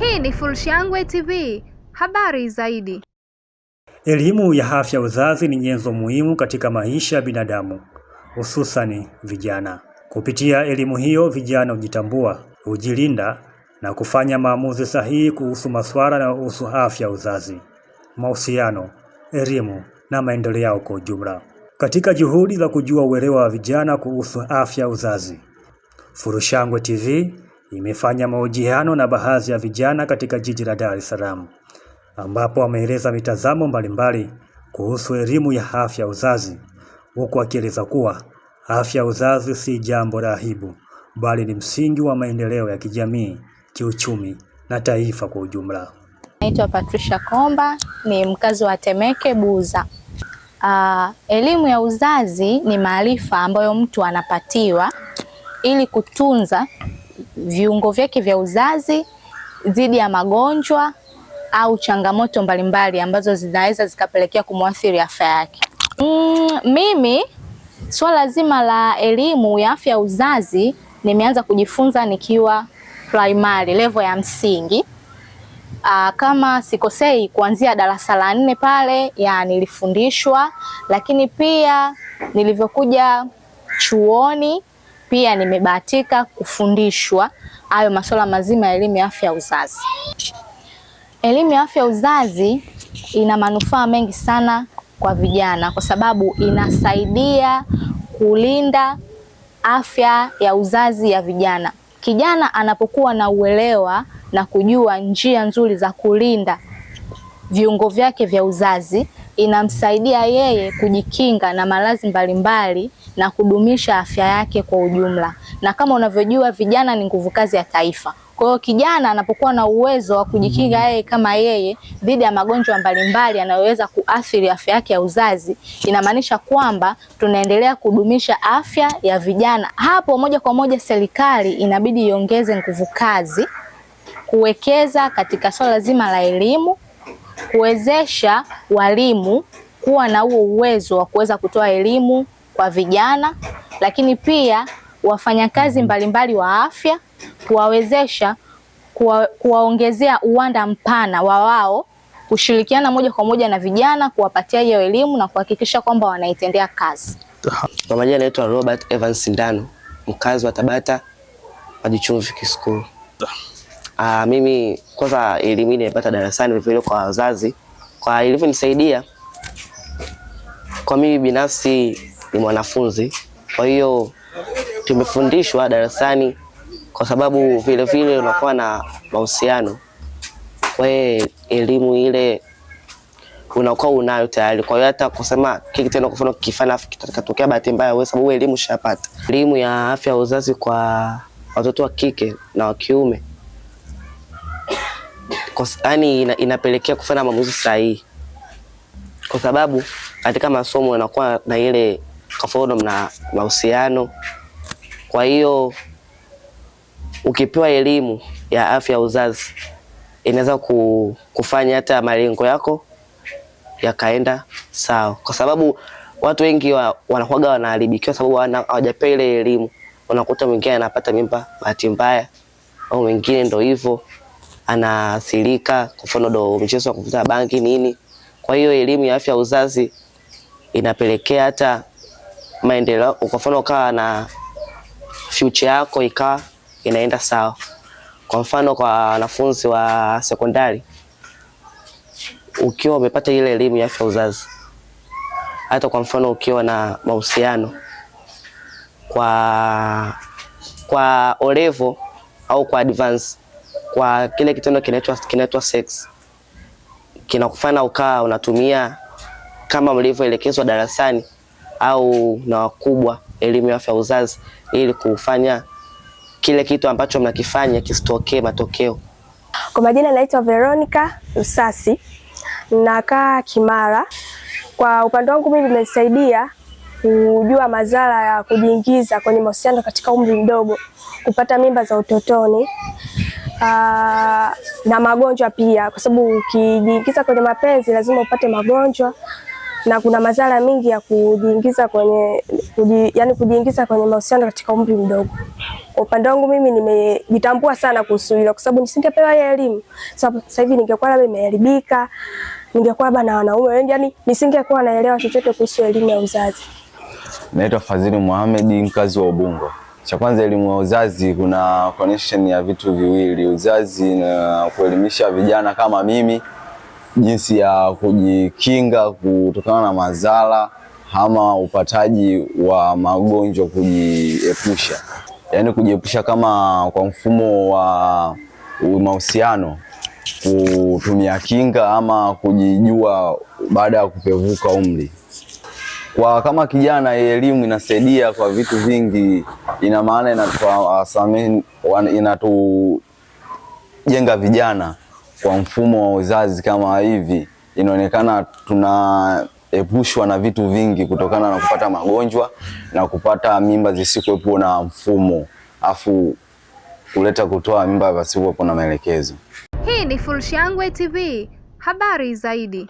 Hii ni Fullshangwe TV, habari zaidi. Elimu ya afya uzazi ni nyenzo muhimu katika maisha ya binadamu, hususani vijana. Kupitia elimu hiyo, vijana hujitambua, hujilinda na kufanya maamuzi sahihi kuhusu masuala yanayohusu afya ya uzazi, mahusiano, elimu na maendeleo yao kwa ujumla. Katika juhudi za kujua uelewa wa vijana kuhusu afya uzazi, Fullshangwe TV imefanya mahojiano na baadhi ya vijana katika jiji la Dar es Salaam ambapo ameeleza mitazamo mbalimbali kuhusu elimu ya afya ya uzazi huku akieleza kuwa afya ya uzazi si jambo la aibu bali ni msingi wa maendeleo ya kijamii, kiuchumi na taifa kwa ujumla. Naitwa Patricia Komba, ni mkazi wa Temeke Buza. Uh, elimu ya uzazi ni maarifa ambayo mtu anapatiwa ili kutunza viungo vyake vya uzazi dhidi ya magonjwa au changamoto mbalimbali ambazo zinaweza zikapelekea kumwathiri afya yake. Mm, mimi swala zima la elimu ya afya ya uzazi nimeanza kujifunza nikiwa primary level ya msingi. Aa, ah, kama sikosei kuanzia darasa la nne pale ya nilifundishwa, lakini pia nilivyokuja chuoni pia nimebahatika kufundishwa hayo masuala mazima ya elimu ya afya ya uzazi. Elimu ya afya ya uzazi ina manufaa mengi sana kwa vijana, kwa sababu inasaidia kulinda afya ya uzazi ya vijana. Kijana anapokuwa na uelewa na kujua njia nzuri za kulinda viungo vyake vya uzazi, inamsaidia yeye kujikinga na maradhi mbalimbali na kudumisha afya yake kwa ujumla. Na kama unavyojua, vijana ni nguvu kazi ya taifa. Kwa hiyo kijana anapokuwa na uwezo wa kujikinga yeye kama yeye dhidi ya magonjwa mbalimbali yanayoweza kuathiri afya yake ya uzazi, inamaanisha kwamba tunaendelea kudumisha afya ya vijana. Hapo moja kwa moja serikali inabidi iongeze nguvu kazi kuwekeza katika swala zima la elimu, kuwezesha walimu kuwa na huo uwezo wa kuweza kutoa elimu kwa vijana, lakini pia wafanyakazi mbalimbali wa afya kuwawezesha kuwa, kuwaongezea uwanda mpana wa wao kushirikiana moja kwa moja na vijana kuwapatia hiyo elimu na kuhakikisha kwamba wanaitendea kazi. Kwa majina anaitwa Robert Evans Sindano, mkazi wa Tabata Maji Kiskuru. Ah, mimi kwanza elimu hii nimepata darasani vile kwa wazazi, kwa ilivyonisaidia kwa mimi binafsi ni mwanafunzi, kwa hiyo tumefundishwa darasani, kwa sababu vilevile unakuwa na mahusiano hiyo elimu ile unakuwa unayo tayari. Kwa hiyo hata kusema kiki kitendo, kwa mfano, kifana kitatokea bahati mbaya, wewe sababu elimu ushapata. Elimu ya afya ya uzazi kwa watoto wa kike na wa kiume, yaani ina, inapelekea kufanya maamuzi sahihi, kwa sababu katika masomo unakuwa na ile tofauti na mahusiano. Kwa hiyo ukipewa elimu ya afya ya uzazi inaweza kufanya hata malengo yako yakaenda sawa, kwa sababu watu wengi wa, wanakuwaga wanaharibikiwa sababu hawajapewa ile elimu. Unakuta mwingine anapata mimba bahati mbaya, au mwingine ndo hivyo anaathirika, kwa mfano ndo mchezo wa kuvuta bangi nini. Kwa hiyo elimu ya afya ya uzazi inapelekea hata maendeleo, kwa mfano ukawa na future yako ikawa inaenda sawa. Kwa mfano kwa wanafunzi wa sekondari, ukiwa umepata ile elimu ya afya uzazi, hata kwa mfano ukiwa na mahusiano kwa kwa olevo au kwa advance, kwa kile kitendo kinaitwa kinaitwa sex, kinakufanya ukaa unatumia kama mlivyoelekezwa darasani au na wakubwa elimu ya afya uzazi ili kufanya kile kitu ambacho mnakifanya kisitokee matokeo. Kwa majina naitwa Veronica Msasi, nakaa Kimara. Kwa upande wangu mimi nimesaidia kujua madhara ya kujiingiza kwenye mahusiano katika umri mdogo, kupata mimba za utotoni aa, na magonjwa pia, kwa sababu ukijiingiza kwenye mapenzi lazima upate magonjwa na kuna madhara mengi ya kujiingiza kwenye kuji, yani kujiingiza kwenye mahusiano katika umri mdogo. Kwa upande wangu mimi nimejitambua sana kuhusu hilo, kwa sababu nisingepewa ya elimu sasa hivi ningekuwa labda nimeharibika, ningekuwa labda na wanaume wengi, yani nisingekuwa naelewa chochote kuhusu elimu ya uzazi. Naitwa Fadhili Mohamed, mkazi wa Ubungo. Cha kwanza, elimu ya uzazi, kuna connection ya vitu viwili, uzazi na kuelimisha vijana kama mimi jinsi ya kujikinga kutokana na madhara ama upataji wa magonjwa, kujiepusha, yaani kujiepusha kama kwa mfumo wa mahusiano, kutumia kinga ama kujijua baada ya kupevuka umri. Kwa kama kijana, elimu inasaidia kwa vitu vingi, ina maana inatujenga vijana kwa mfumo wa uzazi kama hivi, inaonekana tunaepushwa na vitu vingi kutokana na kupata magonjwa na kupata mimba zisikuwepo na mfumo, afu kuleta kutoa mimba pasipokuwa na maelekezo. Hii ni Fullshangwe TV, habari zaidi.